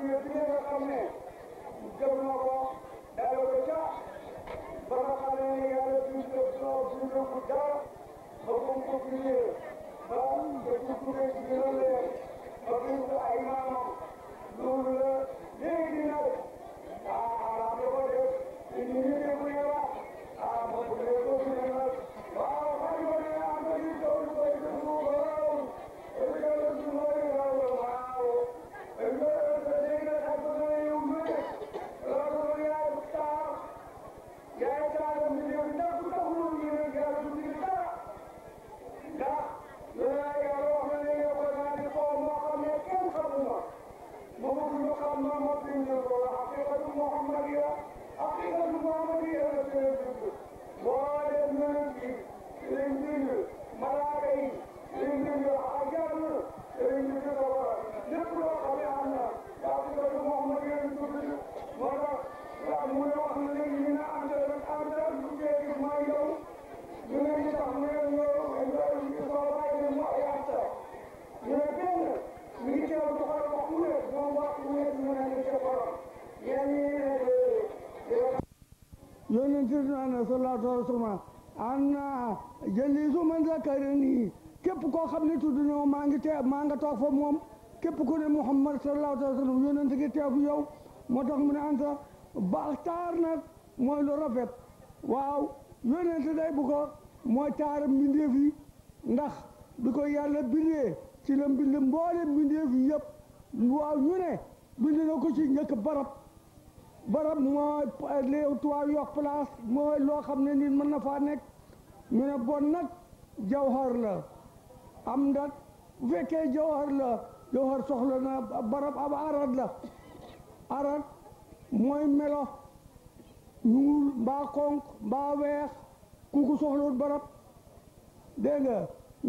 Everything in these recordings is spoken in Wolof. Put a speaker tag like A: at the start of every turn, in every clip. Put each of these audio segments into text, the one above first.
A: suñu fi nga xam ne jëm na ko delloo ko ca ba nga xam ne yàlla suñu def soo suñu yokku dara ba comme ko fi ba ba ci suñu ba gën ko ay maamam
B: sallallahu alayhi wa sallam ana jëlisu man zakarani képp koo xam ne tudd na maa ngi teew maa nga toog fa moom képp ku ne Muhammad sallallahu alayhi wa sallam yonent gi teew fi yow moo tax mu ne anta baax taar nag mooy lu rafet waaw yonent day bu ko mooy taar mbindeef yi ndax bi ko yàlla bindee ci la bind mboole mbindeef yi yëpp waaw ñu ne bind na ko ci njëkk barab barab mooy eh, léew tuwaar yokk place mooy loo xam ne nit mën na faa nekk ñu ne bon nag jawhar la am nag bu fekkee jawhar la jawhar soxla na barab ab arad la arad mooy melo ñuul mbaa xonq mbaa weex kuku soxloon barab dégg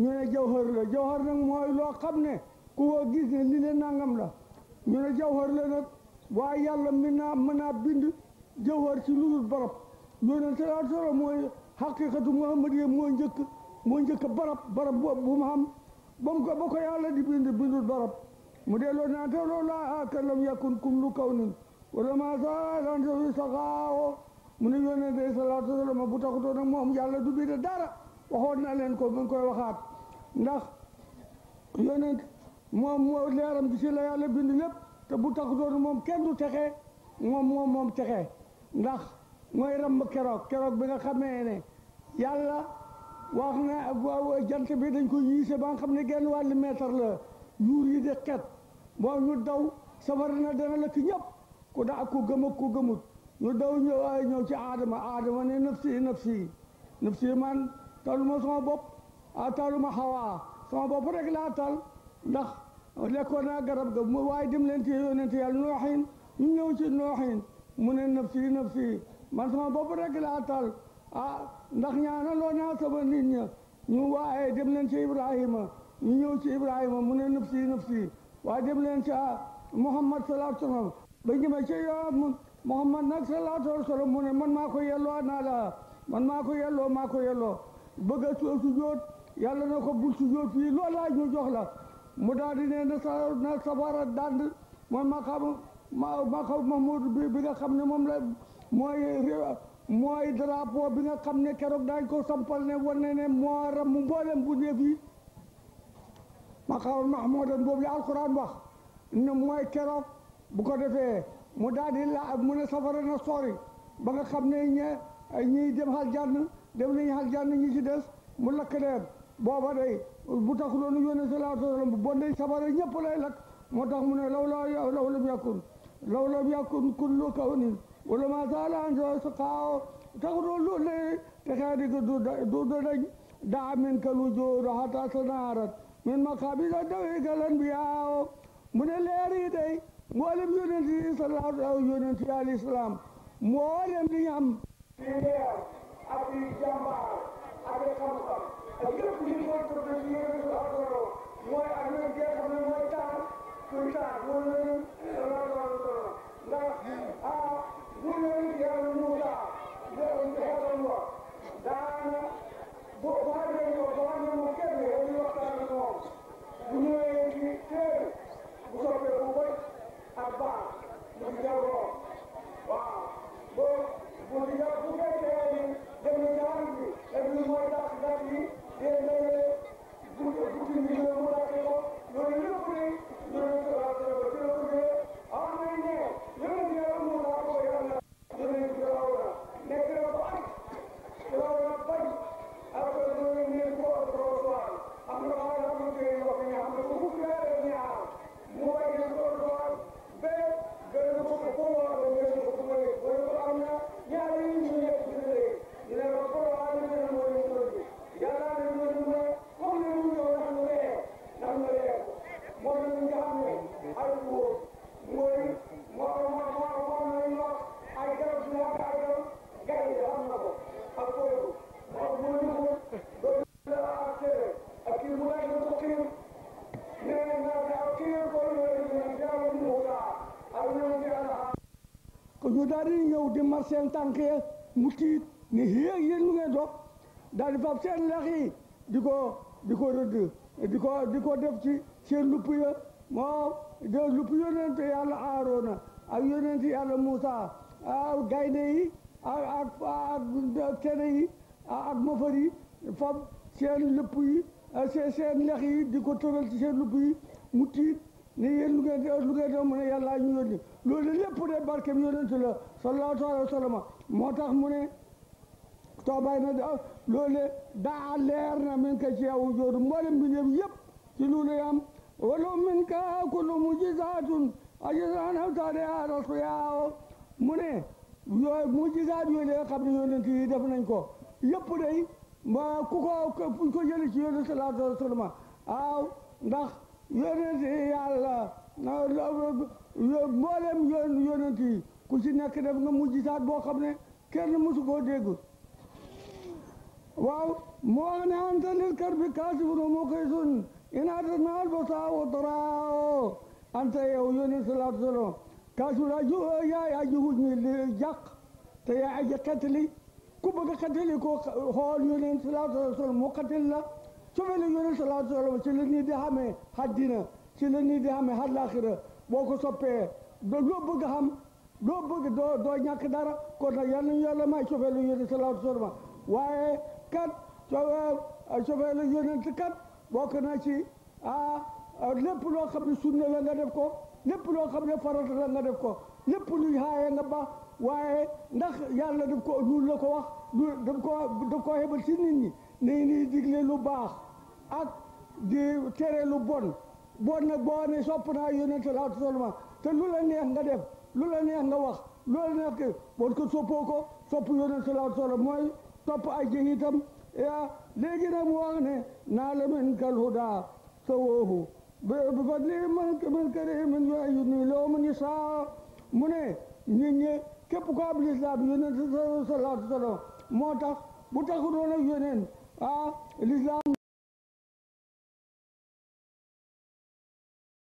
B: ñu ne jawhar la jawhar nag mooy loo xam ne ku ko gis ne li ne nangam la ñu ne jawhar la nag waaye yàlla mi naa mën naa bind jawhar ci lu dul barab yonent salaa sallam mooy xaqiqatu muhammadiya mooy njëkk mooy njëkk barab barab bu mu xam ba mu ko ba ko yàlla di bind bindul barab mu dee loolu naan te loolu laa aka lam yakun kum lu kaw nin wala maa salan sawi saxaawo mu ne yonent salaatu sallam bu taxutoo nag moom yàlla du bind dara waxoon na leen ko mu ngi koy waxaat ndax yonent moom moo leeram gi ci la yàlla bind lépp te bu takkutoon moom kenn du texe moom moom moom texe ndax mooy ramb keroog keroog bi nga xamee ne yàlla wax na jant bi dañ koy yiise ba nga xam ne genn wàll mètre la yuur yi di xet boo ñu daw safara na dana la ki ñëpp ku daa ku gëm ak ku gëmut ñu daw ñëw ñëw ci aadama aadama ne nafsi nafsi nafsi man taluma sama bopp a taluma xawaa sama bopp rek laa tal ndax لكونا قرب قبل وايد من انت انت النوحين من يوش النوحين من النفسي نفسي ما اسمع ببرك العطل آه، نخيانا لو ناس بنين نو وايد من انت ابراهيم من يوش ابراهيم من النفسي نفسي وايد من انت آه، محمد صلى الله عليه وسلم بيجي ما شيء محمد نك صلى الله عليه وسلم من من ما كو يلو لا من ما كو يلو ما كو يلو بغا سجود يلا نكو بول سجود في لا جو جوخلا mu daal di ne na sa na safara dand mooy maqaam maqaam mahmoud bi bi nga xam ne moom la mooy mooy drapeau bi nga xam ne keroog daañ ko sampal ne wane ne moo ram mboolem bu def yi maqaam mahmoudan boobu la alquran wax ne mooy keroog bu ko defee mu daal di la mu ne safara na sori ba nga xam ne ñe ñiy dem xal jànn dem nañ xal jànn ñi ci des mu lakk leen booba day bu taxuloon yónnee sallallahu alayhi wa sallam bu bonnee sabara ñëpp lay lakk moo tax mu ne lawla law lam yakun law lam yakun kullu kawnin wala ma zaala an saqa taxuloon loolu lay texee di du dañ daa min kal wujuud hatta sanaarat min maqaabida dawil anbiyaa mu ne leer yi day mboolem yónnent yi sallallahu alayhi yónnent yi al islam mboolem li ñu am
A: ci leer ak ci jàmbaar ak xam-xam te lépp li mooy problème yi ngeen ko àndaloo mooy ak nag bi nga xam ne mooy taal suñ taal loolu la ñu loolu la ñu ndax
B: daal di ñëw di mar seen tànk ya mu tiit ni yéeg yéen mu ngeen dox daal di fab seen lex yi di ko di ko rëdd di ko di def ci seen lupp ya moom de lupp yonent yàlla Aaroona ak yonent yàlla Muusa ak gaynde yi ak ak tene yi ak mafar yi fab seen lupp yi seen lex yi di ko tëral ci seen lupp yi mu tiit ne yéen lu ngeen lu ngeen doon mu ne yàllaa ñu yónni loolu lépp de barke bi la sallallahu alayhi wa sallam moo tax mu ne toobaay na da loolu de daa leer min ka ci yow joodu mboolem bi ñëpp yëpp ci loolu yam wala min ka kullu mujizaatun ajizaan tade arasu yaaw mu ne yooyu mujizaat yooyu de def nañ ko yëpp day ba ku ko ku ko jëli ci yónent sallallahu alayhi wa sallam waaw ndax yonent yi yàlla mboolem ku ci nekk def mujjisaat boo xam ne kenn mësu koo dégg waaw moo ne anta lil karbi kaasifun moo koy sun inaata naal ba saa wa taraawo anta yow yonent salaatu salaam kaasifun aju yaay aji huj mi li jàq te yaay aji xettali ku bëgg xettali ko xool yonent salaatu mu xettil la cofeelu yonent sallallahu alayhi wa sallam ci nii ñuy di xamee xaj dina ci la ñuy di xamee xaj laaxira boo ko soppee doo loo bëgg xam loo bëgg doo doo ñàkk dara kon nag yal nañu yàlla may cofeelu yonent sallallahu alayhi wa sallam waaye kat cofee cofeelu yonent kat bokk na ci ah lépp loo xam ne sunna la nga ko lépp loo xam ne farata la nga def ko lépp luy xaaye nga ba waaye ndax yàlla daf ko lu la ko wax lu ko daf ko xebal dañu ni digle lu baax ak di tere lu bon bon nag bon ne sopp naa yonent sallallahu te lu la neex nga def lu la neex nga wax lu la neex ke bon ko soppoo ko sopp yonent sallallahu alayhi mooy topp ay jeexitam ya léegi nag mu wax ne naa la min kal huda sa woohu bifadli man man karimin yuni loo man i saa mu ne nit ñi képp ko ab lislaam yonent sallallahu moo tax bu tax ak yonent Ah, eles
A: lá